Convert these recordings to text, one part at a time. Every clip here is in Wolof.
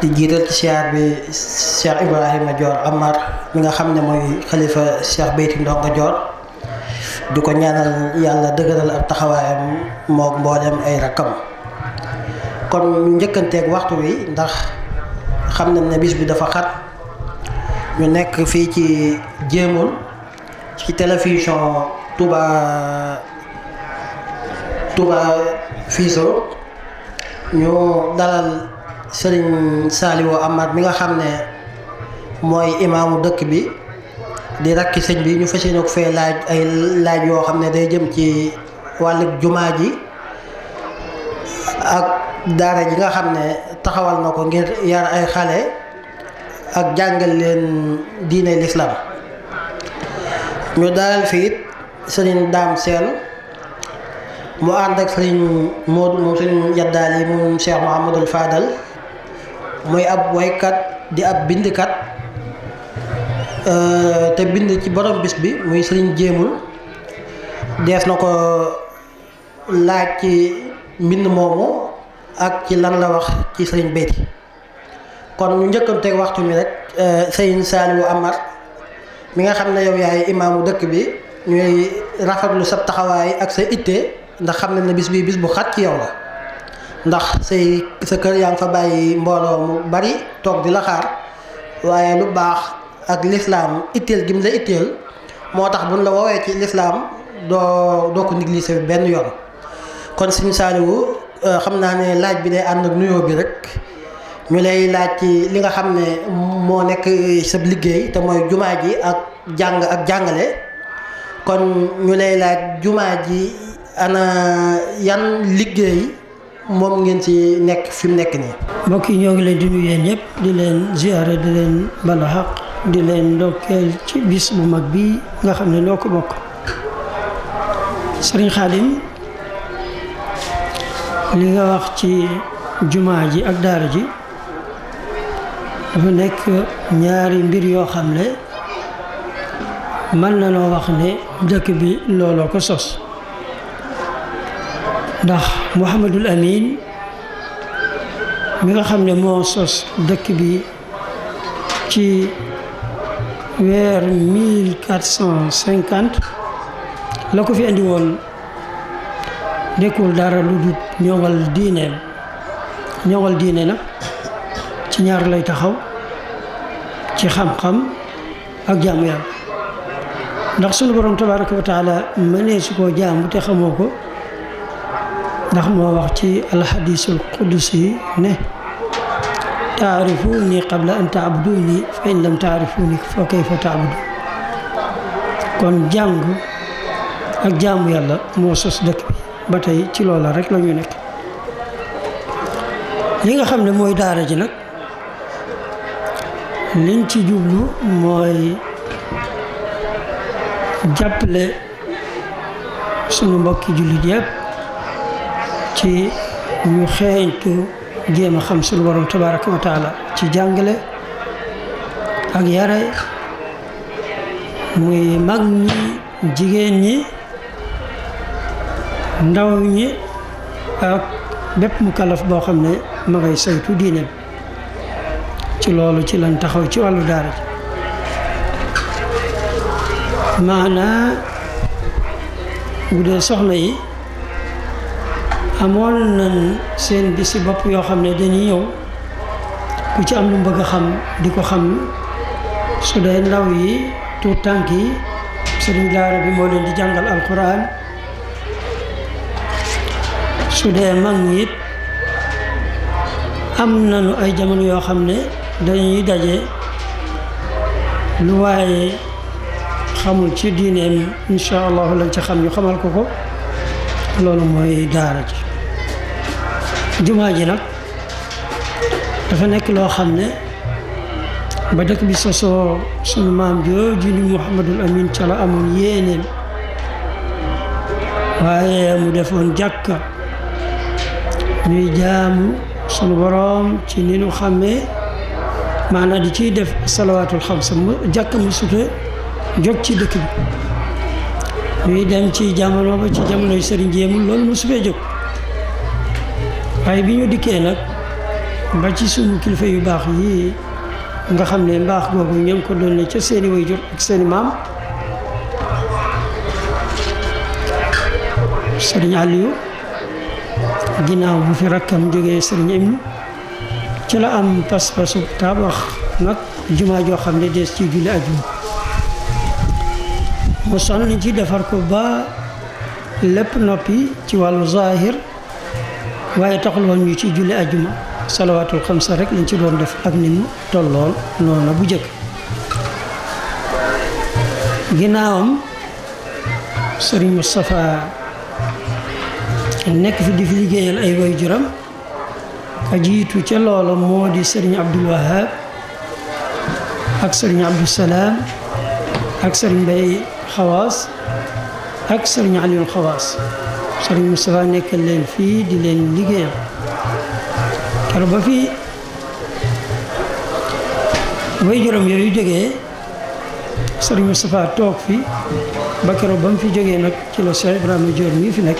di jiital ci siyaar bi Cheikh Ibrahima Dior Amar mi nga xam ne mooy xalifa Cheikh Beyti Ndongo Dior di ko ñaanal yàlla dëgëral ab taxawaayam moog mboolem ay rakkam kon ñu njëkkanteeg waxtu wi ndax xam nañ ne bis bi dafa xat ñu nekk fii ci jéemul ci télévision Touba Touba Fiso ñu dalal. sëriñ Saliou Amar mi nga xam ne mooy imaamu dëkk bi di rakki sëñ bi ñu fas yéene ko fee laaj ay laaj yoo xam ne day jëm ci wàll jumaa ji ak daara ji nga xam ne taxawal na ko ngir yar ay xale ak jàngal leen diine lislaam ñu dalal fiit it sëriñ Daam Seen mu ànd ak sëriñ Modou mu sëriñ Yaddaali moom Cheikh Mouhamadul Fadal muy ab woykat di ab bindkat euh, te bind ci borom bis bi muy sëriñ jéemul dees na ko laaj ci mbind moomu ak ci lan la wax ci sëriñ Béthio kon ñu njëkkanteeg waxtu mi rek euh, sëriñ Saliou Amar mi nga xam ne yow yaay imaamu dëkk bi ñuy rafetlu sab taxawaay ak sa itte ndax xam ne na bis bii bis bu xat ci yow la ndax say sa kër yaa ngi fa bàyyi mbooloo mu bari toog di la xaar waaye lu baax ak lislaam itteel gi mu la itteel moo tax buñ la woowee ci lislaam doo doo ko négliger benn yoon kon suñu euh, xam naa ne laaj bi day ànd ak nuyoo bi rek ñu lay laaj ci li nga xam ne moo nekk sa liggéey te mooy jumaa ji ak jàng ak jàngale kon ñu lay laaj jumaa ji ana yan liggéey moom ngeen ci nekk fi mu nekk nii. mbokk yi ñoo ngi leen di nuyu yéen di leen ziare di leen bala xaq di leen ndokkeel ci bis bu mag bi nga xam ne noo ko bokk Serigne Khadim li nga wax ci jumaa ji ak daara ji dafa nekk ñaari mbir yoo xam ne mën na noo wax ne dëkk bi looloo ko sos. ndax Mouhamadul Amin mi nga xam ne moo sos dëkk bi ci weer mille quatre cinquante la ko fi andi woon nekkul dara lu dul ñoŋal diineel ñoŋal diine na ci ñaar lay taxaw ci xam-xam ak jaamu yàlla ndax sunu borom tabaaraka wa mënee su koo jaamu te xamoo ko. ndax moo wax ci alxadiisul qudusi ne taarifuuni qabla an taabuduuni fa in lam taarifuuni fa kayfa taabudu kon jàng ak jaamu yàlla moo sos dëkk bi ba tey ci loola rek la ñu nekk li nga xam ne mooy daara ji nag liñ ci jublu mooy jàppale suñu mbokki jullit yépp ci ñu xeeñtu jéem a xam suñu borom tabaraka wa ci jàngale ak yare muy mag ñi jigéen ñi ndaw ñi ak bépp mu kalaf boo xam ne ma ngay saytu diine ci loolu ci lan taxaw ci wàllu daara ji maanaa bu soxna yi amoon nañ seen bisi bopp yoo xam ne dañuy yow ku ci am lu bëgg a xam di ko xam su dee ndaw yi tuut tànk yi sëriñ daara bi moo leen di jàngal alquran su dee mag ñi it am nañu ay jamono yoo xam ne dañuy daje lu waaye xamul ci diineem incha allahu lañ ci xam ñu xamal ko ko loolu mooy daara ji jumaa ji nag dafa nekk loo xam ne ba dëkk bi sosoo sunu maam jooju ni Muhammadul Amin ca la amoon yéeneen waaye mu defoon jàkka ñuy jaamu sunu boroom ci ni nu xàmmee maanaam di ciy def salawaatul xamsa mu jàkka mu sute jóg ci dëkk bi ñuy dem ci jamono ba ci jamonoy sëriñ jéemul loolu mu sufee jóg waaye bi ñu dikkee nag ba ci suñu kilifa yu baax yii nga xam ne mbaax googu ñoom ko doon ne ca seeni wayjur ak seeni maam sëriñ Aliou ginnaaw bu fi rakkam jógee sëriñ Ibnu ci la am pas-pasu tabax nag jumaa joo xam ne dees ci julli ajuma mu sonn ci defar ko ba lépp noppi ci wàllu zahir waaye tax woon ñu ci julli ajjuma salawaatul xamsa rek lañ ci doon def ak ni mu tollool bu jëkk ginnaawam sëriñ Moustapha nekk fi di fi liggéeyal ay way juram ka jiitu ca loola moo di sëriñ Abdul Wahab ak sëriñ Abdou Salaam ak sëriñ Bay Xawaas ak sëriñ Aliou Xawaas sëriñ Moustapha nekkal leen fii di leen liggéeyal kero ba fii way juróom yooyu jógee sëriñ Moustapha toog fi ba kero ba mu fi jógee nag ci la Cheikh Ibrahima Dior mii fi nekk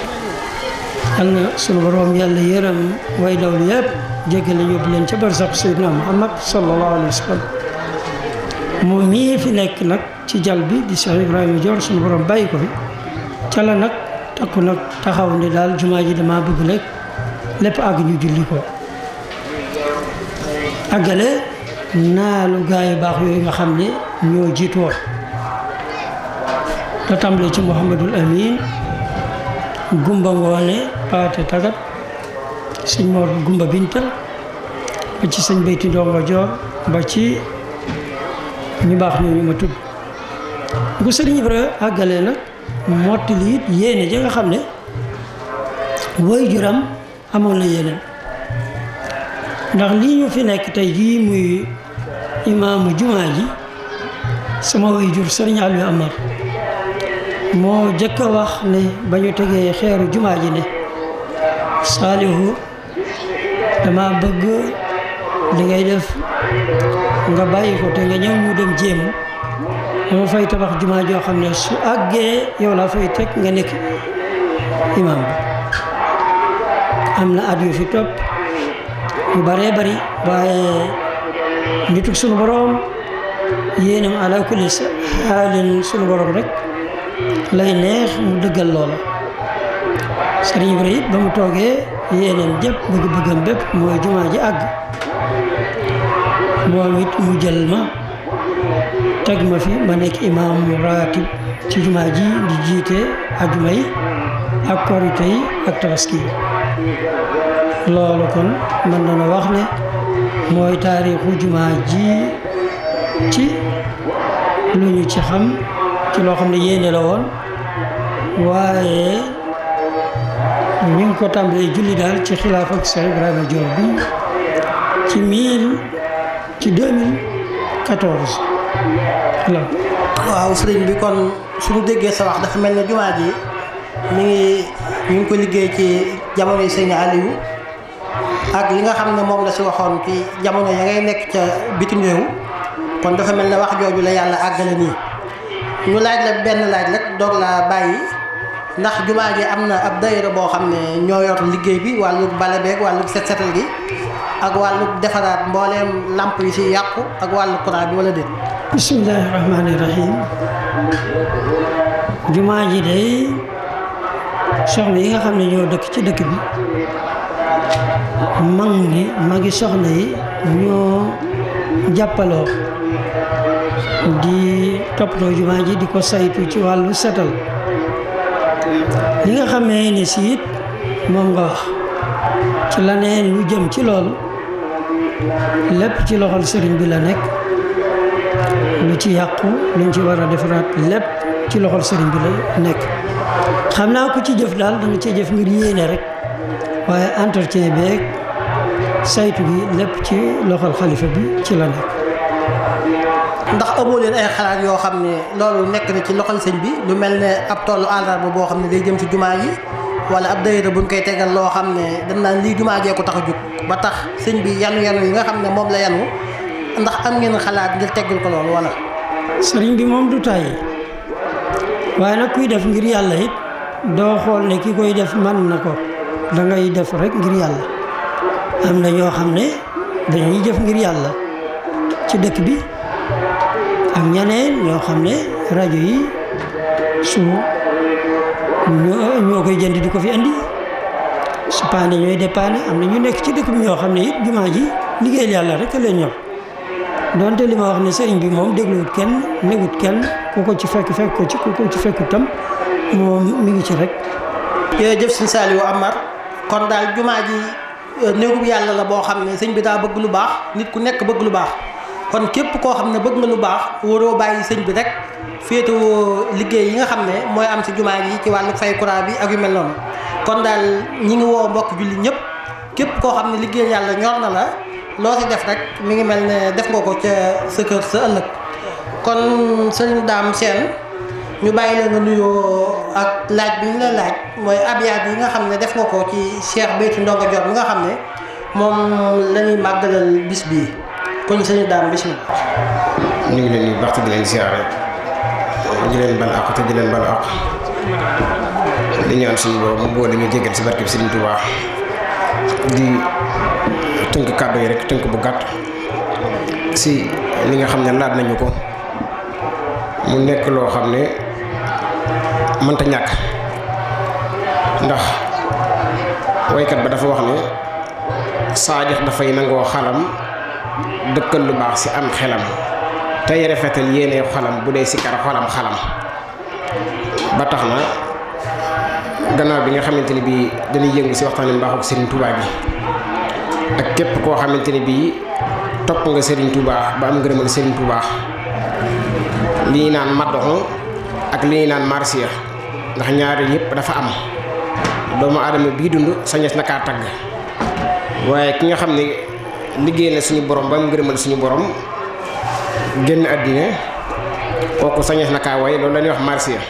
yal na sunu borom yàlla yërëm way dawlu yëpp jéggal la yóbbu leen ca barsax Seydina Muhammad sallallahu alayhi wa sallam moom mii fi nekk nag ci jal bi di Cheikh Ibrahima Dior sunu borom bàyyi ko fi ca la nag takku nag taxaw ne daal jumaa ji dama bëgg lekk lépp àgg ñu julli ko àggale naa lu gaa yu baax yooyu nga xam ni ñoo jiitu woon la tàmbale ci Mouhamadul Amin Gumba Ngoone Paate Tagat sëñ Mor Gumba Binta ba ci sëñ Beyti Ndongo Joor ba ci ñu baax ñooñu ma tudd bu ko sëriñ Ibra àggalee nag mottali it yéene ja nga xam ne way juram amoon na yéeneen ndax lii ñu fi nekk tey jii muy imaamu jumaa ji sama way jur sëriñ Aliou Amar moo jëkk a wax ne ba ñu tegee xeeru jumaa ji ne saalihu dama bëgg li ngay def nga bàyyi ko te nga ñëw ñu dem jéem dama fay tabax jumaa joo xam ne su àggee yow laa fay teg nga nekk imaam bi am na at fi topp yu baree bari waaye nitug sunu borom yéenam ala kulli xaalin sunu borom rek lay neex mu dëggal loola sëriñ bi it ba mu toogee yéenam jëpp bëgg-bëggam bépp mooy jumaa ji àgg moom mu jël ma teg ma fi ma nekk imaam raatib ci jumaa ji di jiite ajuma yi ak korite yi ak tabaski yi loolu kon mën na wax ne mooy taarixu jumaa ji ci lu ñu ci xam ci loo xam ne yéene la woon waaye ñu ngi ko tàmbalee julli daal ci xilaaf ak Cheikh Ibrahima bi ci mille ci 2014 waaw sëriñ bi kon suñu déggee sa wax dafa mel na jumaa ji mu ngi ñu ko liggéey ci jamono yi sëñ Aliou ak li nga xam ne moom la si waxoon ki jamono ya ngay nekk ca bitim réew kon dafa mel ne wax jooju la yàlla àggale nii ñu laaj la benn laaj rek doog laa bàyyi ndax jumaa ji am na ab daayira boo xam ne ñoo yor liggéey bi wàllu bale beeg wàllu set setal gi ak wàllu defaraat mbooleem làmp yi si yàqu ak wàllu courant bi wala déet bisimilahi rahmaani rahim jumaa ji de soxna yi nga xam ne ñoo dëkk ci dëkk bi mag ñi magi soxna yi ñoo jàppaloo di toppatoo jumaa ji di ko saytu ci wàllu setal li nga xamee ni si it moom nga wax ci la neen lu jëm ci loolu lépp ci loxol sëriñ bi la nekk ci yàqu luñ ci war a defaraat lépp ci loxol sëriñ bi la nekk naa ku ci jëf daal da cee jëf ngir yéene rek waaye entretien beeg saytu gi lépp ci loxol bi ci la ndax amoo leen ay xalaat yoo xam ne loolu nekk na ci loxol sëñ bi lu mel ne ab tollu àllarba boo xam ne day jëm ci jumaa yi wala ab dayira buñ koy tegal loo xam ne dañ naa lii jumaa jee ko tax a jug ba tax sëñ bi yanu yanu yi nga xam ne moom la yanu ndax am ngeen xalaat ngir teggul ko loolu wala. sëriñ bi moom du tàyyi waaye nag kuy def ngir yàlla it doo xool ne ki koy def man na ko dangay ngay def rek ngir yàlla am na ñoo xam ne dañuy jëf ngir yàlla ci dëkk bi ak ñeneen ñoo xam ne rajo yi su ñoo koy jënd di ko fi andi su paane ñooy dépanne am na ñu nekk ci dëkk bi ñoo xam ne it jumaa ji liggéeyal yàlla rek a leen ñor donte li ma wax ne sëriñ bi moom dégluwut kenn négut kenn ku ko ci fekk fekk ko ci ku ko ci fekku tam moom mi ngi ci rek. jërëjëf sëñ Saliou Amar kon daal jumaa ji euh, néegub yàlla la boo xam ne sëñ bi daa bëgg lu baax nit ku nekk bëgg lu baax kon képp koo xam ne bëgg nga lu baax waroo bàyyi sëñ bi rek féetewoo liggéey yi nga xam ne mooy am si jumaa ji ci wàllu fay courant bi ak yu mel noonu kon daal ñi ngi woo mbokk julli ñëpp képp koo xam ne liggéey yàlla ñor na la. loo si def rek mi ngi mel ne def nga ko ca sa kër sa ëllëg kon sëriñ Dame Sène ñu bàyyi la nga nuyoo ak laaj bi ñu la laaj mooy abyaat yi nga xam ne def nga ko ci Cheikh Béthio Ndongo Diop mi nga xam ne moom la ñuy màggalal bis bii kon sëriñ Dame bismillah ñu ngi leen di baax di leen siyaare di leen bal àq te di leen bal àq di ñaan suñu borom mu boole ñu jégal si barke bi Sëriñ Tuubaa tënk kàddu yi rekk tënk bu gàtt si li nga xam ne laaj nañu ko mu nekk loo xam ne mënta ñàkk ndax waykat ba dafa wax ne saadix dafay nangoo xalam dëkkal lu baax si am xelam tey rafetal yéene xalam bu dee si kar xolam xalam ba tax na gannaaw bi nga xamante ni bii dañuy yëngu ci waxtaani mbaaxu Serigne Touba bi ak képp koo xamante ne bii topp nga Serigne Touba ba am ngërëmal Serigne Touba li ñuy naan maddoxo ak li ñuy naan marsiya ndax ñaari yëpp dafa am doomu aadama bii dund sañes na kaa tagg waaye ki nga xam ne liggéey na suñu borom ba am ngërëmal suñu borom génn àddina kooku sañes na kaa way loolu la ñuy wax marsiya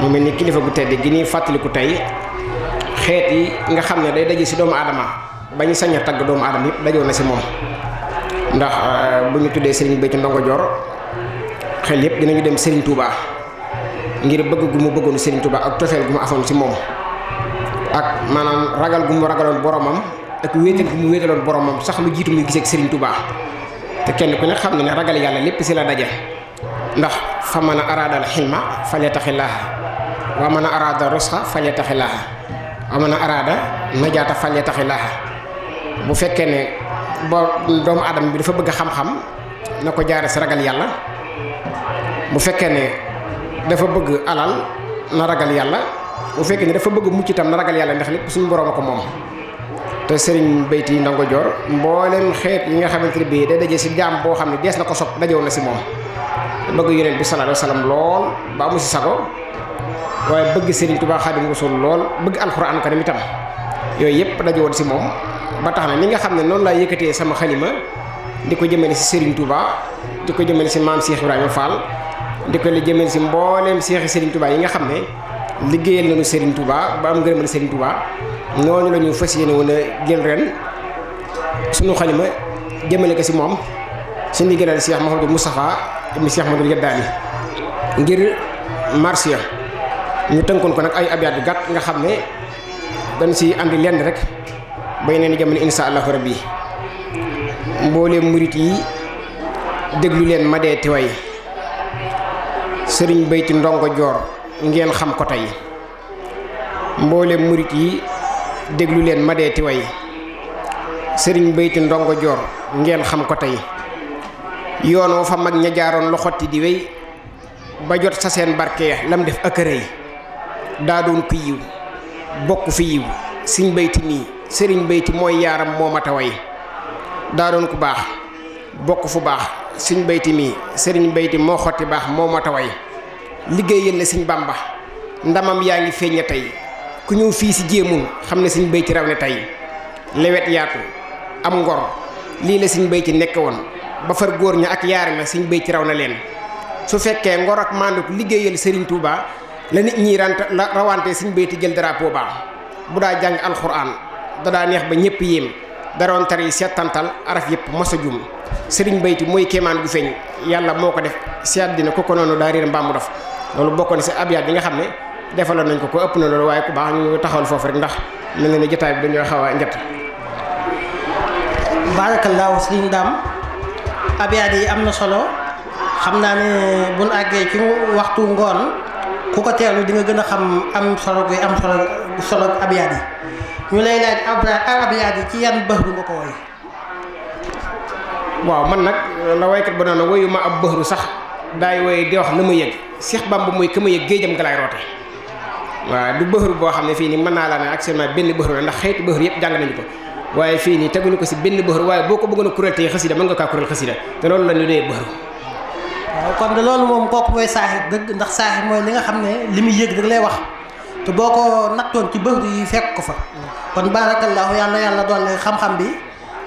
mu mel ni kilifa gu tedd gi ñuy fàttaliku tey xeet yi nga xam ne day daje ci doomu aadama bañ sañ a tagg doomu aadama yëpp dajoo na si moom ndax euh, bu ñu tuddee sëriñ Béthio Ndongo Dior xel yëpp dinañu dem sëriñ Touba ngir bëgg gu mu bëggoon sëriñ Touba ak cofeel gu ma afoon si moom ak maanaam ragal gu mu ragaloon boromam ak wéetal gu mu wéetaloon boromam sax lu jiitu muy gisee ak sëriñ Touba te kenn ku ne xam ne ne ragal yàlla lépp si la daje ndax fa mën a araadal xilma falee taxi laaxa waa mën a araada rosxa falee taxi laaxa waa a araada najaata falee taxi laaxa bu fekkee ne boo doomu aadama bi dafa bëgg xam-xam na ko jaare si ragal yàlla bu fekkee ne dafa bëgg alal na ragal yàlla bu fekkee ne dafa bëgg mucc itam na ragal yàlla ndax lépp suñu borom ko moom te sëriñ bayti ndango joor mboolem xeet yi nga xamante ne bii day daje si jaam boo xam ne dees na ko sopp dajew na si moom bëgg yonent bi sallallahu alayhi wasallam lool ba amu si sago waaye bëgg sëriñ Tuubaa Xaadimu Rasuul lool bëgg alxuraan karim itam yooyu yëpp dajewoon si moom ba tax na li nga xam ne noonu laa yëkkatee sama xalima di ko jëmale si Serigne Touba di ko jëmale si maam Cheikh Ibrahima Fall di ko jëmale si mbooleem Cheikh Serigne Touba yi nga xam ne liggéeyal nañu Serigne Touba ba am ngërëmal Serigne Touba noonu lañu ñu fas yéene woon a jël ren suñu xalima jëmale ko si moom suñu liggéeyal Cheikh Mouhamadou Moustapha mi Cheikh Mouhamadou Gaddali ngir marsiya ñu tënkoon ko nag ay abyaat yu gàtt nga xam ne dañ si andi lenn rek. bay neen jamono insha allahu rabbi mbooleem murit yi déglu leen ma dee sëriñ bayti ndongo joor ngeen xam ko tey mbooleem murit yi déglu leen ma dee tiway sëriñ bayti ndongo joor ngeen xam ko tey yoon woo fa mag ña jaaroon lu xotti di wéy ba jot sa seen barke lam def akërëy daa doon ku yiw bokk fi yiw siñ bayti nii sëriñ bay ci mooy yaaram moo mat a way daa baax bokk fu baax suñ bayti mii sëriñ bayti moo xotti baax moo mat a way liggéeyal na suñ bàmba ndamam yaa ngi feeñ na tey ku ñëw fii si jéemul xam ne suñ ci raw na tey lewet yaatu am ngor lii la suñ bayti nekk woon ba far góor ña ak yaar na suñ bayti raw na leen su fekkee ngor ak maandu liggéeyal sëriñ Touba la nit ñi ranta la rawante suñ bayti jël drapeau ba bu daa jàng alxuraan dadaa neex ba ñëpp yéem daroon tari settantal araf yëpp mos a sëriñ bayti mooy kéemaan gu feeñ yàlla moo ko def si àddina ku ko noonu daa réer mbaamu dof loolu bokkoon si abyaat bi nga xam ne defaloon nañ ko ko ëpp na loolu waaye ku baax ñu taxawal foofu rek ndax mel na ne jotaay bi dañoo xaw a njëtt. baarakallaahu sëriñ daam abyaat yi am na solo xam naa ne buñ àggee ci waxtu ngoon ku ko teelu di nga gën a xam am solo gi am solo solo abyaat ñu lay laaj abra arabiyaat yi ci yan bëxru nga ko woy waaw man nag uh, la woykat ba noonu ma am bëxru sax daay woy di wax la ma yëg Cheikh Bamba mooy ka ma yëg géejam ga laay roote waaw du bëxru boo xam ne fii nii mën naa laa ne actuellement benn bëxru la ndax xeetu bëxru yëpp jàng nañu ko waaye fii nii teguñu ko si benn bëxru waaye boo ko bëggoon a kuréel tey xasida mën nga kaa kuréel xasida te loolu la ñu dee bëxru waaw kon de loolu moom kooku mooy saaxir dëgg ndax saaxir mooy li nga xam ne li muy yëg dëgg lay wax te boo ko nattoon ci bëgg yi fekk ko fa mm. kon barakallahu yàlla yàlla doole xam-xam bi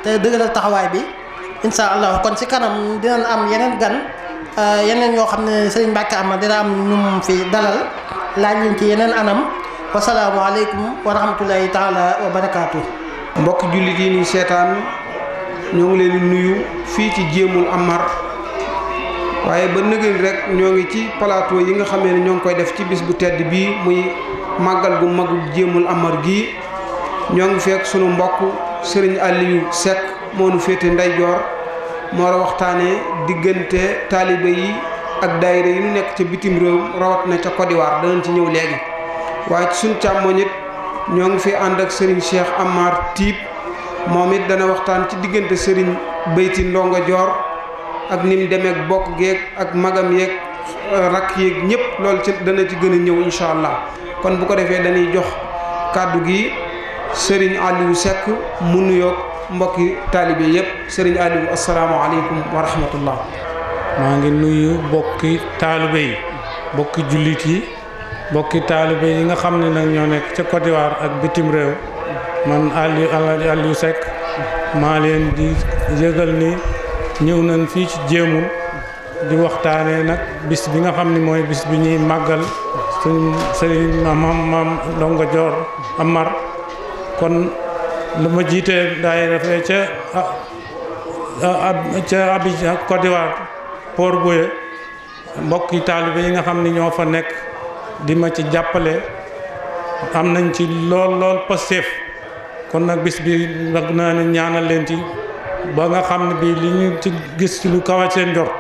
te dëgëral taxawaay bi insha allah kon si kanam dinañ am yeneen gan euh, yeneen yoo xam ne sëriñ Mbàkke am dina am ñum fi dalal laaj leen ci yeneen anam wasalaamualeykum wa rahmatulahi taala wa barakaatu mbokk jullit yi ñuy seetaan ñoo ngi leen di nuyu fii ci jéemul amar waaye ba nëgën rek ñoo ngi ci plateau yi nga xamee ne ñoo ngi koy def ci bis bu tedd bii muy màggal gu magul jéemul amar gi ñoo ngi fekk sunu mbokk sëriñ Aliou Seck moo nu féete ndeyjoor moo war waxtaanee diggante taaliba yi ak daayira yi nu nekk ca bitim réew rawat na ca Côte d'Ivoire danañ ci ñëw léegi waaye ci suñ càmmoñ it ñoo ngi fi ànd ak sëriñ Cheikh Amar Tiib moom it dana waxtaan ci diggante sëriñ Beyti Ndongo Joor ak nim demeek bokk geeg ak magam yeeg rakk yeeg ñëpp loolu ci dana ci gën a ñëw allah kon bu ko defee dañuy jox kàddu gi Serigne Aliou sekk mu nuyoog mbokki taalibe yëpp Serigne Aliou asalaamaaleykum wa rahmatullah. maa ngi nuyu bokki taalibe yi bokki jullit yi bokki taalibe yi nga xam ne nag ñoo nekk ca Côte ak bitim réew man Aliou Aliou Seck maa leen di yëgal ni ñëw nañ fii ci jéemul. di waxtaanee nag bis bi nga xam ni mooy bis bi ñuy màggal suñu sëriñ maam maam Ndongo Joor Amar kon lu ma jiitee daayira fee ca ah, ah, ca Abidjan Côte d'Ivoire Port Boué mbokki taalibe yi nga xam ni ñoo fa nekk di ma ci jàppale am nañ ci lool lool Pastef kon nag bis bi nag naa ne ñaanal leen ci ba nga xam ne bii li ñu ci gis lu kaw seen jot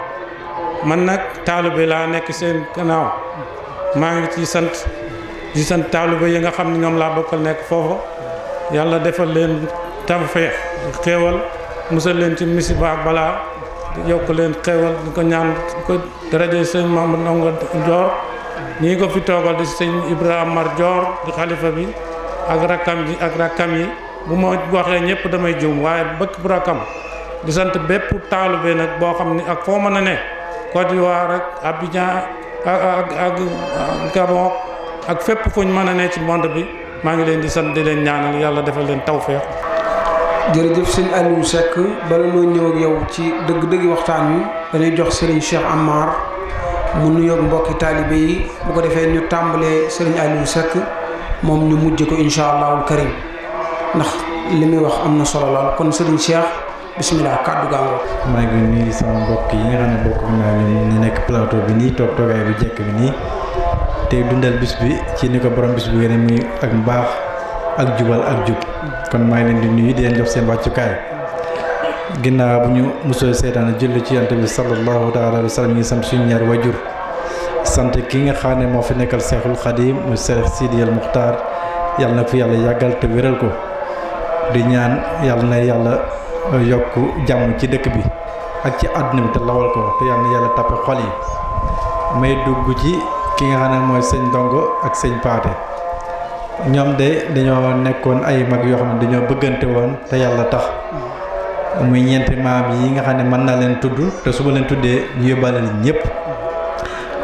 man nag taalibe laa nekk seen gannaaw maa ngi ci sant di sant taalibe yi nga xam ne ñoom laa bokkal nekk foofu yàlla defal leen tawfeex xéewal musal leen ci misiba ak balaa yokk leen xéewal di ko ñaan di ko daraje sëñ Mamadou Ndongo ko fi toogal di sëñ Ibrahima Mar Dior xalifa bi ak rakkam ji ak rakkam yi bu ma waxee ñëpp damay juum waaye bëkk bu rakkam di sant bépp taalibe nag boo xam ne ak foo mën a ne Côte waa ak Abidjan ak ak Gabon ak fépp fuñ mën a ne ci monde bi maa ngi leen di sant di leen ñaanal yàlla defal leen tawféex. jërëjëf sëñ Aliou Seck bala noo ñëw ak yow ci dëgg-dëgg waxtaan wi dañuy jox sëriñ Cheikh Amar mu nuyoog mbokki taalibe yi bu ko defee ñu tàmbalee sëriñ Aliou Seck moom ñu mujj ko incha allahul karim ndax li muy wax am na solo kon sëriñ Cheikh. bisimilah kàddu gaa ngoog. maa sama mbokk yi nga xam ne bokk naa ñoom ñu nekk plateau bi nii toog toogaay bu jekk bi nii tey dundal bis bi ci ni ko borom bis bu yéene muy ak mbaax ak jubal ak jub kon maa ngi leen di nuyu di seen wàccukaay ginnaaw bu ñu mosoo seetaan julli ci yonent bi sallallahu taala wa sallam ñu ngi sant suñu ñaar wajur sant kii nga xam ne moo fi nekkal seexul xadim mu seex Sidi al Muxtaar yàlla na fi yàlla yàggal te wéral ko di ñaan yàlla yàlla. yokk jàmm ci dëkk bi ak ci àdduna bi te lawal ko te yal na xol yi may dugg ci ki nga xam ne mooy sëñ Ndongo ak sëñ Paate ñoom de dañoo nekkoon ay mag yoo xam ne dañoo bëggante woon te yàlla tax muy ñeenti maam yi nga xam ne mën naa leen tudd te su ma leen tuddee ñu yóbbaale leen ñëpp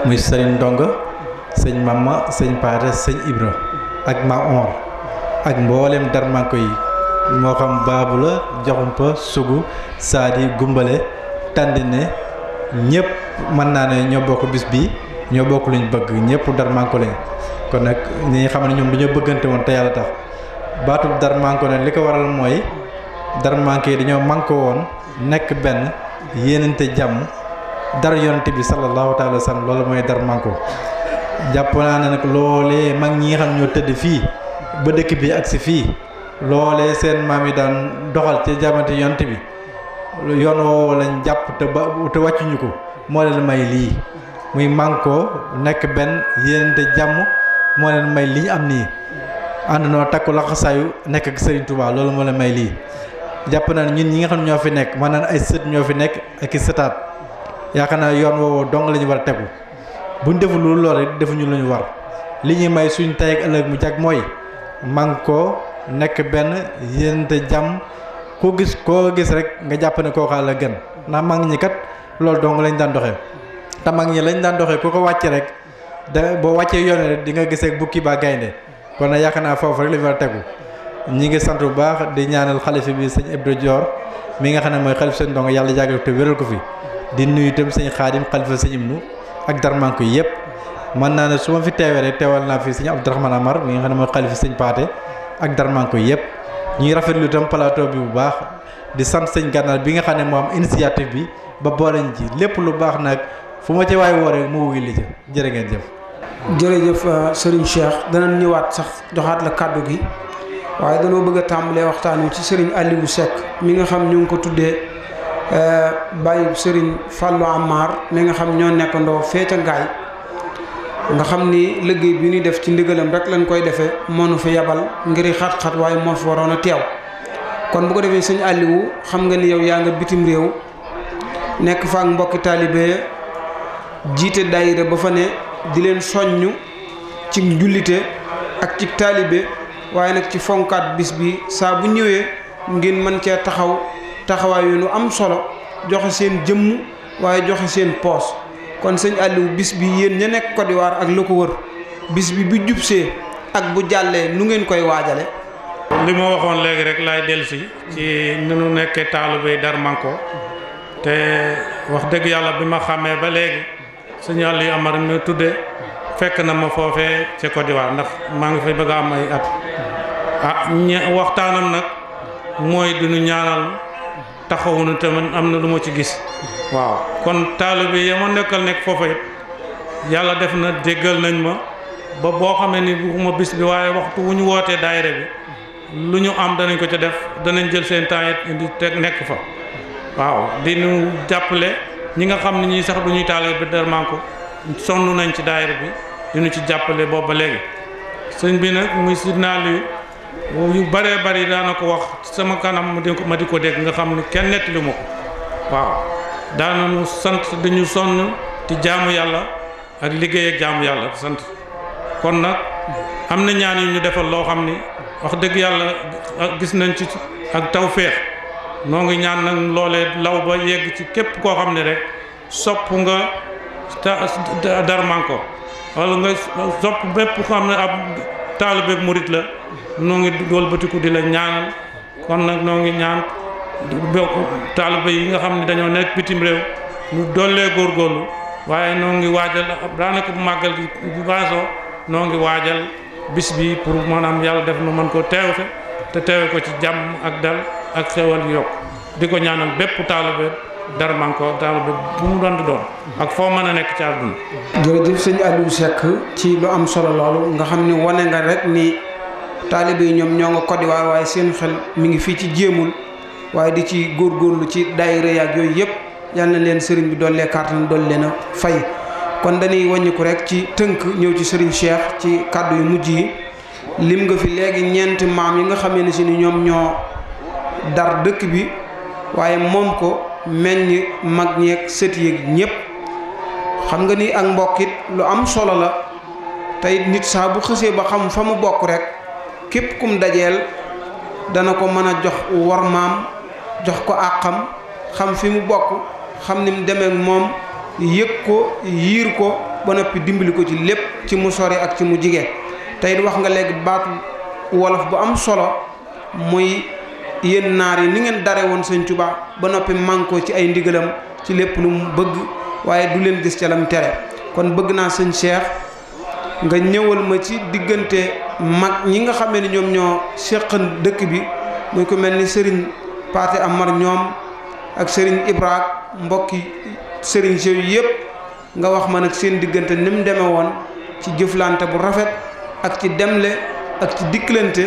muy sëñ Ndongo sëñ Mama sëñ Paate sëñ Ibra ak ma ak mboolem darmanko yi moo xam baabu la jaxumpa sugu saadi gumbale tàndine ñëpp mën naa ne ñoo bokk bis bi ñoo bokk luñ bëgg ñëpp darmanko lañ kon nag ñi xam ne ñoom dañoo bëggante woon te yàlla tax dar darmanko ne li ko waral mooy dar darmanko yi dañoo manko woon nekk benn yéenante jàmm dar yonte bi sallallahu taala wa sallam loolu mooy darmanko jàpp naa ne nag loolee mag ñi xam ñoo tëdd fii ba dëkk bi ak si fii loole seen maam yi daan doxal ci jamono yont bi yoon woowu lañ jàpp te ba te wàccuñu ko moo leen may lii muy mànkoo nekk benn yéenante jàmm moo leen may lii ñu nii ànd noo takku laxasaayu nekk ak Serigne Touba loolu moo leen may lii jàpp na ñun ñi nga xam ne ñoo fi nekk maanaam ay sët ñoo fi nekk ak i sëtaat yaakaar naa yoon woowu dong la war a tegu buñ deful lu loolu defuñu lañu ñu war li ñuy may suñ tey ak ëllëg mu jag mooy mànkoo nekk benn yénte jàmm ku gis koo gis rek nga jàpp ne kookaa la gën ndax mag ñi kat loolu dong lañ daan doxee te mag ñi lañ daan doxee ku ko wàcce rek da boo wàccee yoon rek di nga gisee bukki baa gaynde kon nag yaakaar naa foofu rek la ñu war a tegu ñi ngi sant bu baax di ñaanal xalifa bi sëñ Abdou Dior mi nga xam ne mooy xalifa sëñ dong yàlla yàggal te wéral ko fi di nuyu itam sëñ xaadim xalifa sëñ Ibnu ak darmanko yëpp mën naa ne su ma fi teewee rek teewal naa fi sëñ Abdourahmane Amar mi nga xam ne mooy xalifa sëñ Paate ak Darmanko yëpp ñuy rafetlu itam plateau bi bu baax di sant sëñ gànnaar bi nga xam ne moom am bi ba booleñ ji lépp lu baax nag fu ma ci waay woo rek mu wuy li ca jërë ngeen jëf. jërëjëf euh, Serigne Cheikh dana ñëwaat sax joxaat la kàddu gi waaye danoo bëgg a tàmbalee waxtaan wi ci Serigne Aliou Seck mi nga xam ñu ngi ko tuddee euh, bàyyi Serigne Fallou Amar mi nga xam ñoo nekk ndoo fee ca Ngaay nga xam ni liggéey bi ñu def ci ndigalam rek lañ koy defee moo nu fi yabal ngir xat-xat waaye moo fi waroon a teew kon bu ko defee sëñ àlliwu xam nga ni yow yaa nga bitim réew nekk fa ak mbokki taalibe jiite daayira ba fa ne di leen soññ ci njullite ak ci taalibe waaye nag ci fonkaat bis bi saa bu ñëwee ngeen mën cee taxaw taxawaay yu nu am solo joxe seen jëmm waaye joxe seen poos kon sëñ Aliou bis bi yéen ña nekk Côte ak lu ko wër bis bi bu jubsee ak bu jàllee nu ngeen koy waajale li ma waxoon léegi rek laay dellusi ci nu nu nekkee taalibey Darmanko te wax dëgg yàlla bi ma xàmmee ba léegi sëñ Aliou Amar mi tudde fekk na ma foofee ca Côte d'Ivoire ndax maa ngi fa bëgg a am ay at ah waxtaanam nag mooy du ñu ñaanal taxawu nu tamit am na lu ma ci gis waaw kon taalibe ya ma nekkal nekk foofa it yàlla def na déggal nañ ma ba boo xamee ni waxuma bis bi waaye waxtu wu ñu wootee dayre bi lu ñu am danañ ko ca def danañ jël seen temps it indi teg nekk fa waaw di ñu jàppale ñi nga xam ni ñuy sax du ñuy taalibe bi der man ko sonn nañ ci daayira bi di ci jàppale boobu ba léegi sëñ bi nag muy signal yu yu bëree bëri daana ko wax sama kanam ma di ko dégg nga xam ne kenn nettali ma ko waaw daanañu sant dañu sonn ci jaamu yàlla ak liggéey ak jaamu yàlla sant kon nag am na ñaan yu ñu defal loo xam ni wax dëgg yàlla gis nañ ci ak tawféex noo ngi ñaan nag loolee law ba yegg ci képp koo xam ne rek sopp nga darman ko wala nga sopp murit la noo ngi wëlbatiku di la ñaanal kon nag noo ngi ñaan bokk taaliba yi nga xam ne dañoo nekk bitim réew ñu dollee góorgóorlu waaye noo ngi waajal daanaka bu màggal gi bu baasoo noo ngi waajal bis bi pour maanaam yàlla def nu mën ko teew fe te teewe ko ci jàmm ak dal ak xewal yu yokk di ko ñaanal bépp taaliba dara man ko taaliba bu mu doon doon ak foo mën a nekk ci àdduna jërëjëf sëñ Aliou Seck ci lu am solo loolu nga xam ni wane nga rek ni taaliba yi ñoom ñoo nga Côte d'Ivoire waaye seen xel mi ngi fii ci jéemul waaye di ci góorgóorlu ci daayira yaag yooyu yëpp yal na leen sëriñ bi doole kàttan doole leen a fay. kon dañuy wàññiku rekk ci tënk ñëw ci sëriñ Cheikh ci kàddu yu mujj yi lim nga fi léegi ñeenti maam yi nga xamee ne si ni ñoom ñoo dar dëkk bi waaye moom ko meññ mag ñeeg sët yeeg ñëpp xam nga ni ak mbokkit lu am solo la tey nit saa bu xësee ba xam fa mu bokk rek képp kum dajeel dana ko mën a jox war maam jox ko àqam xam xam fi mu bokk xam ni mu demee moom yëg ko yiir ko ba noppi dimbali ko ci lépp ci mu sori ak ci mu jige tey du wax nga léegi baatu wolof bu am solo muy yéen naar yi ni ngeen dare woon sëñ Tuubaa ba noppi mànkoo ci ay ndigalam ci lépp lu mu bëgg waaye du leen gis ca mu tere kon bëgg naa sëñ Cheikh nga ñëwal ma ci diggante mag ñi nga xamee ni ñoom ñoo seqan dëkk bi muy ko mel ni sëriñ Paate Amar ñoom ak Serigne Ibrahima mbokki Serigne Sow yëpp nga wax ma nag seen diggante ni mu demee woon ci jëflante bu rafet ak ci demle ak ci dikkalante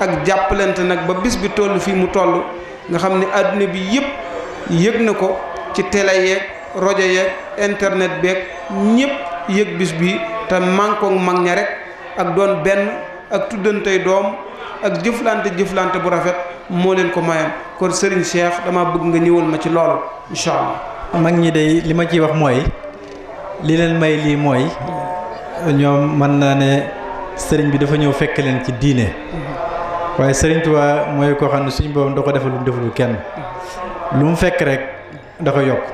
ak jàppalante nag ba bis bi toll fii mu toll nga xam ni àdduna bi yëpp yëg na ko ci télé yeeg rajo yeeg internet beeg ñëpp yëg bis bi te mànkoog mag ña rek ak doon benn ak tuddantey doom. ak jëflante jëflante bu rafet moo leen ko mayoon kon Serigne Cheikh dama bëgg nga ñëwal ma ci loolu incha mag ñi day li ma ciy wax mooy li leen may lii mooy ñoom mën naa ne sëriñ bi dafa ñëw fekk leen ci diine waaye Serigne Touba mooy koo xam ne suñu boppam da ko defal lu mu defalul kenn lu mu fekk rek da ko yokk.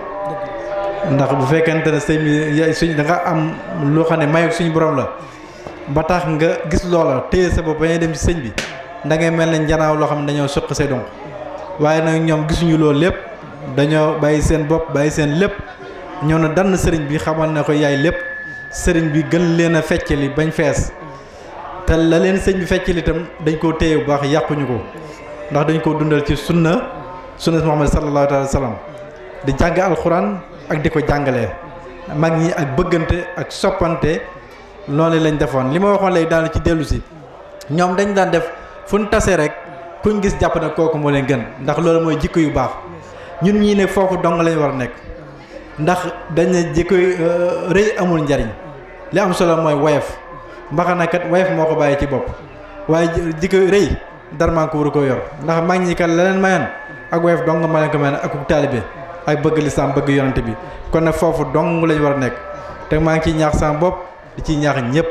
ndax bu fekkente ne sëñ bi suñ da am loo xam ne mayu suñu borom la ba tax nga gis loola téye sa bopp bañ dem ci sëñ bi da mel ne njanaaw loo xam ne dañoo suq say donc waaye nag ñoom gisuñu loo lépp dañoo bàyyi seen bopp bàyyi seen lépp ñoom na dann sëriñ bi xamal na ko yaay lépp sëriñ bi gën leen a feccali bañ fees te la leen sëñ bi feccali itam dañ koo téye bu baax yàquñu ko ndax dañ koo dundal ci sunna sunna Muhammad sallallahu alayhi wa sallam di jàng alxuraan ak di ko jàngale mag ñi ak bëggante ak soppante noonu lañ defoon li ma waxoon lay daanu ci dellu si fu ñu tasee rek kuñ gis jàpp na kooku moo leen gën ndax loolu mooy jikk yu baax ñun ñii ne foofu dong lañ war a nekk ndax dañ ne jikko euh, rëy amul njariñ li am solo mooy woyof mbaxanakat woyof moo ko bàyyi ci bopp waaye jikko rëy darman ko war ko yor ndax mag ñi kat leneen leen mayoon ak woyof dong ma leen ko mayoon ak taalibe ak bëgg lislaam bëgg yonante bi kon nag foofu dong lañ war a nekk te maa ngi ñaax sama bopp di ci ñaax ñëpp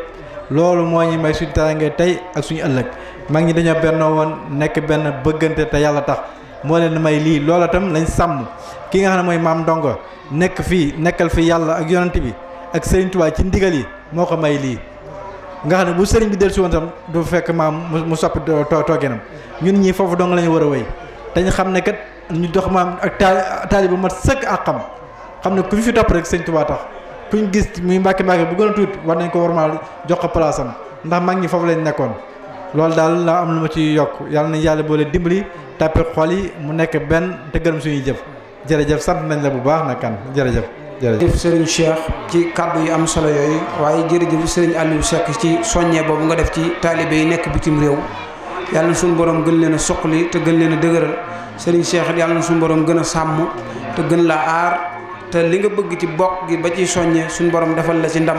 loolu moo ñu may suñu teraanga tey ak suñu ëllëg mag ñi dañoo bennoo woon nekk benn bëggante te yàlla tax moo leen may lii loola tam lañ sàmm ki nga xam ne mooy maam ndongo nekk fii nekkal fi yàlla ak yonent bi ak Sëriñ Tuubaa ci ndigal yi moo ko may lii nga xam ne bu sëriñ bi del si woon tam du fekk maam mu soppi tooginam ñun ñii foofu dong la ñu war a wéy dañ xam ne kat ñu dox maam ak taali bu mat sëkk ak xam xam ne ku ñu fi topp rek Sëriñ Tuubaa tax kuñ gis muy mbàkki mbàkki bu gën a war nañ ko warmaal jox ko palaasam ndax mag ñi foofu lañ nekkoon loolu daal laa am lu ma ci yokk yàlla nañ yàlla boole dimbali tàppe xol yi mu nekk benn te gërëm suñuy jëf jërëjëf sant nañ la bu baax nag kan jërëjëf jërëjëf sëriñ Cheikh ci kàddu yu am solo yooyu waaye jërëjëf sëriñ Aliou Seck ci soññee boobu nga def ci taalibe yi nekk bitim réew yàlla na suñu borom gën leen a soqali te gën leen a dëgëral sëriñ Cheikh yàlla na suñu borom gën a sàmm te gën la aar te li nga bëgg ci bokk gi ba ci soññee suñu borom defal la ci ndam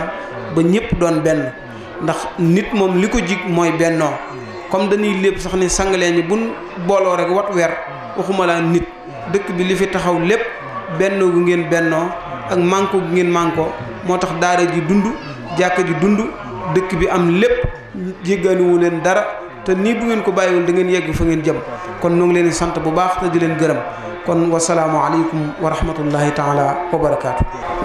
ba ñëpp doon benn ndax nit moom li ko jig mooy bennoo comme dañuy lépp sax ni sangalee ñi buñ booloo rek wat weer waxuma laa nit dëkk bi li fi taxaw lépp bennoo gu ngeen bennoo ak manko gu ngeen manko moo tax daara ji dund jàkka ji dund dëkk bi am lépp jéggaaniwu leen dara te nii bu ngeen ko bàyyiwul da ngeen yegg fa ngeen jëm kon ñoo ngi leen di sant bu baax te di leen gërëm kon wasalaamualeykum wa rahmatullahi taala wa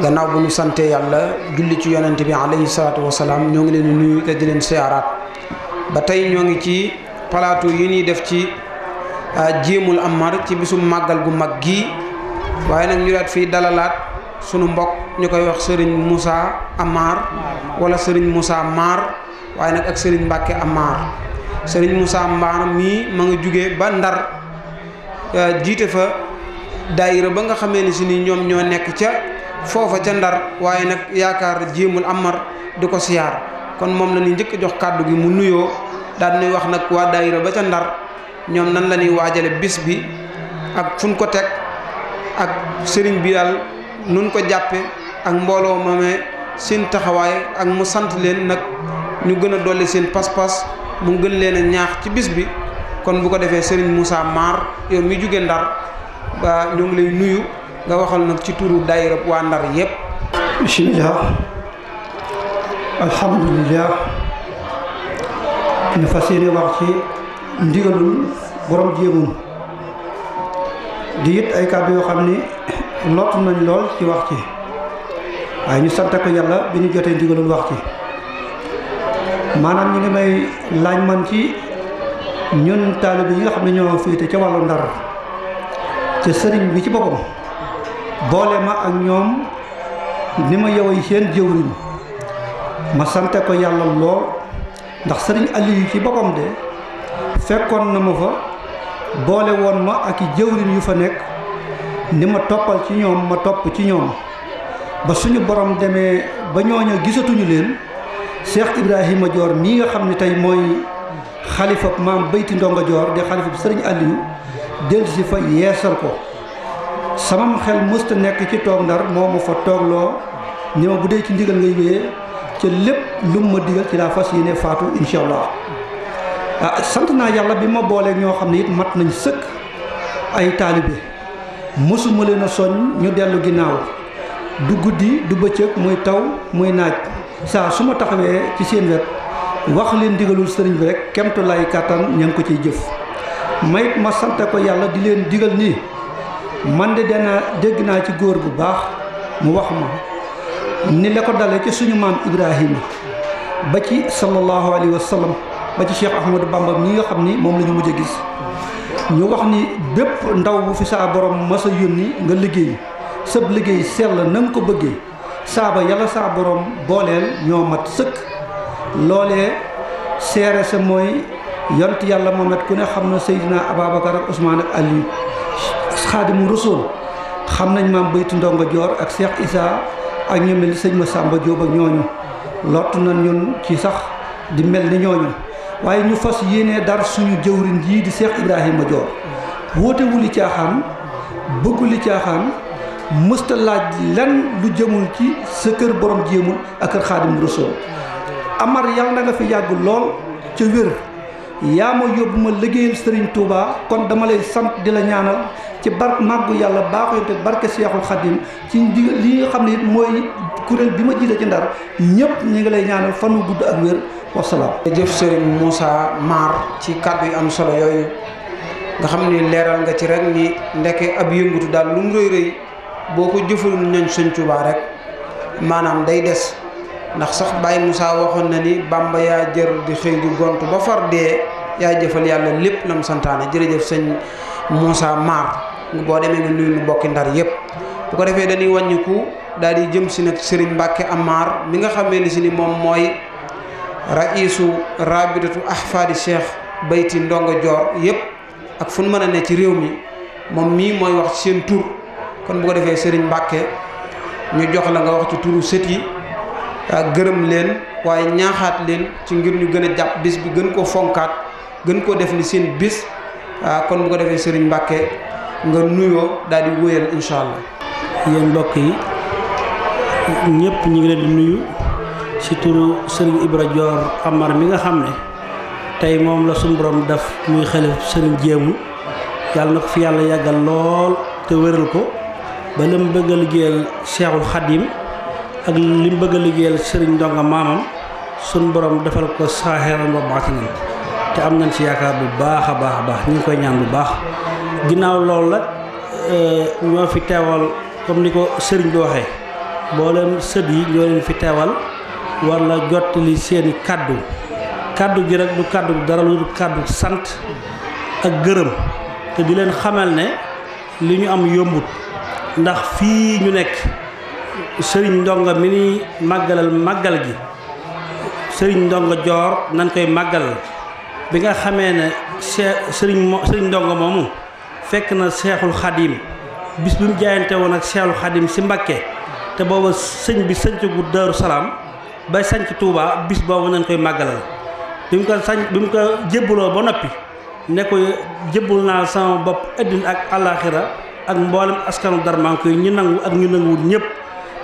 gannaaw bu ñu sante yàlla julli ci yonent bi alayhi salaatu wasalaam ñoo ngi leen di nuyu te di leen siyaaraat ba tey ñoo ngi ci palaatu yi ñuy def ci jéemul amar ci bisum màggal gu mag gii waaye nag ñu daat fii dalalaat sunu mbokk ñu koy wax sëriñ Moussa Amar wala sëriñ Moussa Maar waaye nag ak sëriñ Mbàkke Amar sëriñ Moussa Mbaar mii ma nga jóge ba Ndar jiite fa daayira ba nga xamee ne si ni ñoom ñoo nekk ca foofa ca ndar waaye nag yaakaar jéemul amar di ko siyaar kon moom la ñuy njëkk jox kàddu gi mu nuyoo daal wax nag waa daayira ba ca ndar ñoom nan la ñuy waajale bis bi ak fuñ ko teg ak sëriñ bi daal nun ko jàppe ak mbooloo mamee seen taxawaay ak mu sant leen nag ñu gën a dolli seen pas-pas mu gën leen a ñaax ci bis bi kon bu ko defee sëriñ Moussa Mar yow mi jóge ndar waa ñoo ngi lay nuyu nga waxal nag ci turu daayira waa Ndar yépp bismillah alhamdulillah ñu fa yéene wax ci ndigalul borom jéemoon di it ay kàddu yoo xam ni lott nañ lool ci wax ci waaye ñu sant ko yàlla bi ñu jotee ndigalul wax ci maanaam ñu ngi may laaj man ci ñun taalibe yi nga xam ne ñoo féete ca wàllu Ndar te sëriñ bi ci boppam boole ma ak ñoom ni ma yow yi seen jëwriñ ma sante ko yàlla lool ndax sëriñ Aliou ci boppam de fekkoon na ma fa boole woon ma ak i jëwriñ yu fa nekk ni ma toppal ci ñoom ma topp ci ñoom ba suñu borom demee ba ñooña gisatuñu leen Cheikh Ibrahima Dior mii nga xam ne tey mooy xalifab maam Bayti Ndongo Dior di xalifab sëriñ Aliou jël si fa yeesal ko samam xel mësta nekk ci toog ndar moo ma fa toogloo ni ma bu dee ci ndigal ngay wéyee ca lépp lu ma digal ci laa fas yéene faatu incha allah ah, sant naa yàlla bi ma boolee ñoo xam ne it mat nañ sëkk ay taalibe mësuma leen a soñ ñu dellu ginnaaw du guddi du bëccëg muy taw muy naaj saa su ma taxawee ci seen wet wax leen digalul sëriñ bi rek kemtu lay kàttan ñan ko ci jëf mayit ma sante ko yàlla di leen digal nii man de dana dégg naa ci góor bu baax mu wax ma ni la ko dale ci suñu maam Ibrahima ba ci sallallahu alayhi wa sallam ba ci Cheikh Ahmadou Bamba ñi nga xam ni moom lañu ñu mujj gis ñu wax ni bépp ndaw bu fi saa borom masa yónni nga liggéey sëb liggéey sell na nga ko bëggee saaba yàlla saa borom booleel ñoo mat sëkk loolee seere sa mooy yont yàlla Muhammad ku ne xam na Seydina Ababacar ak Ousmane ak Aliou xaadimu rasul xam nañ maam Baytu Ndongo Joor ak Cheikh Issa ak ñu mel ni sëñ Massamba Diop ñooñu lott na ñun ci sax di mel ni ñooñu waaye ñu fas yéene dar suñu jëwriñ jii di Cheikh Ibrahima Dior woote wu li caaxaan bëggu li mësta laaj lenn lu jëmul ci sa kër borom jéemul ak kër xaadim rasul amar yàlla na nga fi yàgg lool ca wér yaa ma yóbbu ma liggéeyal Serigne Touba kon dama lay sant di la ñaanal ci bar màggu yàlla baaxoon te barke Seexul Xadim ci li xam ne it mooy kuréel bi ma jiite ci ndar ñëpp ñu ngi lay ñaanal fan wu gudd ak wér wasalaam. jëf Serigne Moussa Mar ci kàddu yu am solo yooyu nga xam ne leeral nga ci rek ni ndeke ab yëngutu daal lu mu rëy rëy boo ko jëfalul ñoñ Sëñ Touba rek maanaam day des. ndax sax Baye Moussa waxoon na ni Bamba yaa jër di xëy di gont ba far dee yaa jëfal yàlla lépp lam santaane jërëjëf sëñ Moussa Mar boo demee nga nuyu nu bokki ndar yépp bu ko defee dañuy waññiku daal di jëm si nag Serigne Mbacke Amar mi nga xamee ni si ni moom mooy raisu rabitatu ahfadi cheikh bayti ndongo joor yépp ak fu nu mën a ne ci réew mi moom mii mooy wax ci seen tur kon bu ko defee Serigne Mbacke ñu jox la nga wax ci turu sët yi gërëm leen waaye ñaaxaat leen ci ngir ñu gën a jàpp bis bi gën koo fonkaat gën koo def ni seen bis ah, kon bu ko defee Serigne Mbacke nga nuyoo daal di wóyal incha allah. yéen mbokk yi ñëpp ñu ngi leen di nuyu ci turu Serigne Ibra Dior Amar mi nga xam ne tey moom la suñu borom def muy xelif Serigne Jéemu yàlla na ko fi yàlla yàggal lool te wéral ko ba lam bëgg a liggéeyal Cheikhul Khadim ak lim bëgg a liggéeyal sëriñ ndonga maamam suñ borom defal ko saaxeeran wa baatinan te am nañ ci yaakaar bu baax a baax a baax ñu koy ñaan bu baax ginnaaw loolu la euh, ñoo fi teewal comme ni ko sëriñ bi boo leen sët yi ñoo leen fi teewal war la jottali seeni kàddu kàddu gi rek du kàddu dara lu dul kàddu sant ak gërëm te di leen xamal ne li ñu am yombut ndax fii ñu nekk sëriñ ndongo mi ni màggalal màggal gi sëriñ ndongo joor nañ koy màggalal bi nga xamee ne sëriñ sëriñ ndongo moomu fekk na seexul xadim bis bi mu jaayante woon ak seexul xadim si Mbakke te booba sëñ bi sanc gu Daaru Salaam bay sanc Touba bis boobu nañ koy màggalal bi mu ko sanc bi mu ko jébbaloo ba noppi ne ko jébbal naa sama bopp addina ak àllaaxira ak mboolem askanu darman yi ñu nangu ak ñu nanguwul ñëpp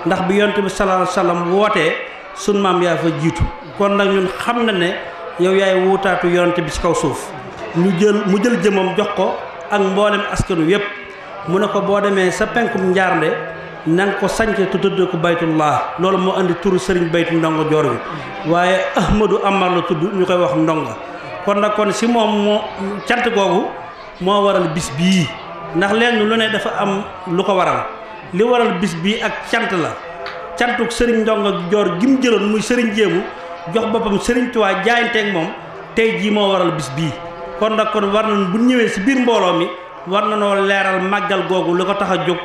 ndax bi yonent bi sallallahu alayhi wasallam wootee sun maam yaa fa jiitu kon nag ñun xam na ne yow yaay wuutaatu yonent bi ci kaw suuf ñu jël mu jël jëmam jox ko ak mboolem askanu yépp mu ne ko boo demee sa penkum njaarnde na nga ko sañce tu tudd ko baytullah loolu moo andi turu sëriñ baytu ndongo joor bi waaye ahmadou amar la tudd ñu koy wax ndongo kon nag kon si moom moo cant googu moo waral bis bii ndax leen lu ne dafa am lu ko waral li waral bis bii ak cant la cantuk sëriñ Ndongo Joor gi mu jëloon muy sëriñ jéemu jox boppam sëriñ Tuubaa jaayanteeg moom tey jii moo waral bis bii kon nag kon war nañ bu ñëwee si biir mbooloo mi war na noo leeral màggal googu lu ko tax a jóg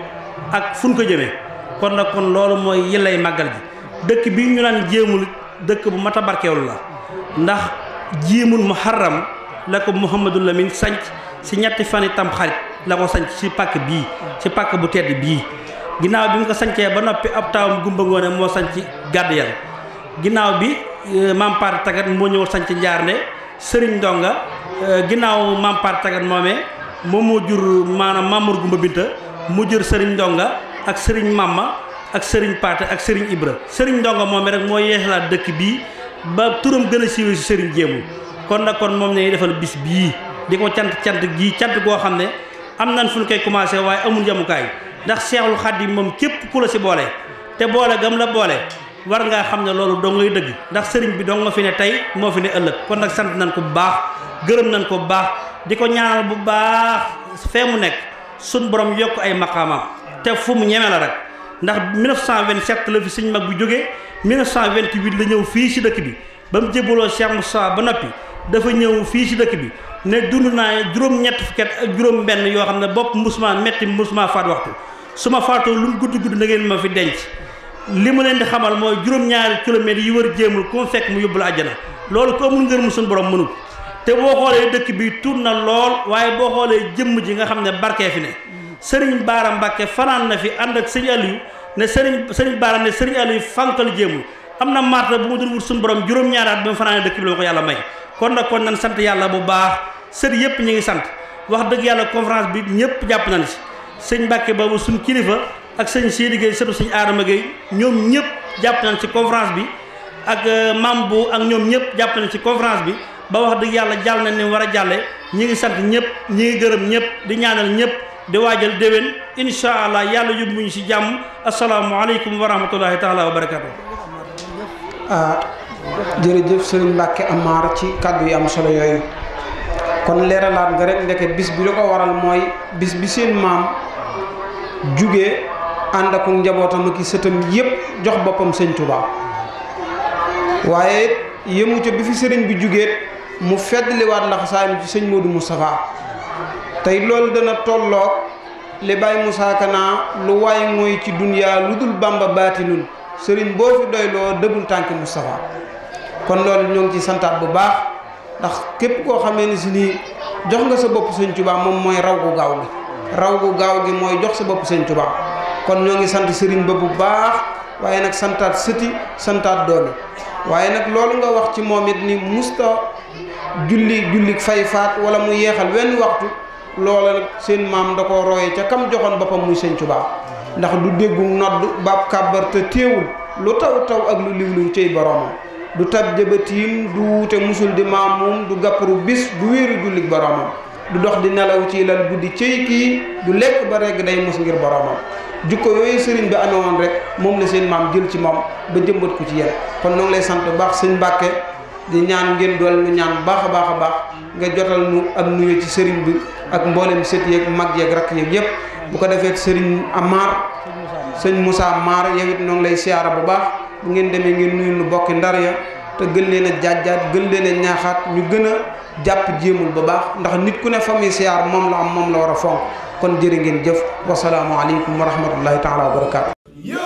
ak fu ko jëmee kon nag kon loolu mooy yëllay màggal gi dëkk bi ñu naan jéemul dëkk bu mat a barkeelu la ndax jéemul muharram la ko Muhammadul Lamin sanc si ñetti fani tam xarit la ko sanc ci pàkk bii ci pàkk bu tedd bii ginnaaw bi mu ko sancee ba noppi ab taawam gumba ngoone moo sanc gàddu yàlla ginnaaw bi euh, maam Paar Tagat moo ñëw sanc Njaarnde sëriñ Ndonga euh, ginnaaw maam Paar Tagat moom moo jur maanaam Mamour Gumba Binta mu jur sëriñ Ndonga ak sëriñ Mamma ak sëriñ Paate ak sëriñ Ibra sëriñ Ndonga moomee rek moo yeesalaat dëkk bii ba turam gën a siiwee si sëriñ Jéemu kon nag kon moom la ñuy defal bis bii di ko cant cant gii cant goo xam ne. am nan fu ñu koy commencé waaye amul yamukaay ndax seexul xaddim moom képp ku la si boole te boole gam la boole war ngaa xam ne loolu doo ngay dëgg ndax sëriñ bi doo nga fi ne tey moo fi ne ëllëg kon nag sant nañ ko bu baax gërëm nañ ko bu baax di ko ñaanal bu baax fee mu nekk suñ borom yokk ay maqaamam te fu mu ñeme la rek ndax 1927 la fi suñ mag bu jógee 1928 la ñëw fii si dëkk bi ba mu jébaloo mu saa ba noppi dafa ñëw fii si dëkk bi ne dund naa juróom ñett fukki ak juróom benn yoo xam ne bopp musuma metti musuma faat waxtu su ma faatoo lu mu gudd gudd na ngeen ma fi denc li ma leen di xamal mooy juróom-ñaari kilomètres yi wër jéemul ku mu fekk mu yóbbu la àjjana loolu ko amul ngërëm suñu boroom mënul te boo xoolee dëkk bi tuut na lool waaye boo xoolee jëmm ji nga xam ne barkee fi ne sëriñ baaram Mbàkke fanaan na fi ànd ak sëñ Aliou ne sëriñ sëriñ baaram ne sëriñ Aliou fankal jéemul am na marta bu mu dul wut suñu borom juróom-ñaari at bi mu fanaanee dëkk may sër yëpp ñu ngi sant wax dëgg yàlla conférence bi ñëpp jàpp nañ si sëñ Mbàkke ba suñ kilifa ak sëñ Sidi Gueye sëtu sëñ Adama Gueye ñoom ñëpp jàpp nañ ci conférence bi ak euh, maam bu ak ñoom ñëpp jàpp nañ ci conférence bi ba wax dëgg yàlla jàll nañ ni war a jàlle ñi ngi sant ñëpp ñi ngi gërëm ñëpp di ñaanal ñëpp di waajal déwén incha allah yàlla yóbbu ñu si jàmm asalaamualeykum wa rahmatullahi taala wa barakatu ah, jërëjëf sëriñ Mbàkke Amar ci kàddu yi am solo yooyu kon leeralaat nga rek ndeke bis bi lu ko waral mooy bis bi seen maam jóge ànd ak njabootam ak i sëtam yépp jox boppam sëñ Tuubaa waaye yëmu ca bi fi sëriñ bi jugee mu feddliwaat laxasaayam ci sëñ Modou Moustapha tey loolu dana tolloog li Baye Moussa Kana lu waay mooy ci dunyaa lu dul Bàmba baatinun sëriñ boo fi doyloo dëbul tànki Moustapha kon loolu ñoo ngi ci santaat bu baax ndax képp koo xamee ni si nii jox nga sa bopp sëñ Tuubaa moom mooy raw gu gaaw gi raw gu gaaw gi mooy jox sa bopp sëñ Tuubaa kon ñoo ngi sant sëriñ ba bu baax waaye nag santaat sëti santaat doomi waaye nag loolu nga wax ci moom it ni musta julli julli fay faat wala mu yeexal wenn waxtu loola nag seen maam da ko roye ca kam joxoon boppam muy sëñ Tuubaa ndax du déggu nodd ba kàbbar te téewul lu taw taw ak lu liw liw cay boroomam du taj jëbatiim du wuute musul di maamum du gàpparu bis du wéeru jullit boromam du dox di nelaw ci lal guddi cëy kii du lekk ba regg day mus ngir boromam jukko yooyu sëriñ bi amee woon rek moom la seen maam jël ci moom ba jëmbat ku ci yéen kon noo lay sant bu baax sëñ Mbàkke di ñaan ngeen dool nu ñaan baax a baax a baax nga jotal mu ak nuyo ci sëriñ bi ak mboolem sët yeeg mag yeeg rakk yeeg yëpp bu ko defee sëriñ Amar sëñ Moussa Amar yow it noo lay siyaara bu baax bu ngeen demee ngeen nuyu nu bokki ndar ya te gën leen a jaajjaat gën leen a ñaaxaat ñu gën a jàpp jéemul ba baax ndax nit ku ne famille siyaar moom la am moom la war a fonk kon jërë ngeen jëf wasalaamualeykum wa rahmatullahi taala wa barakaatu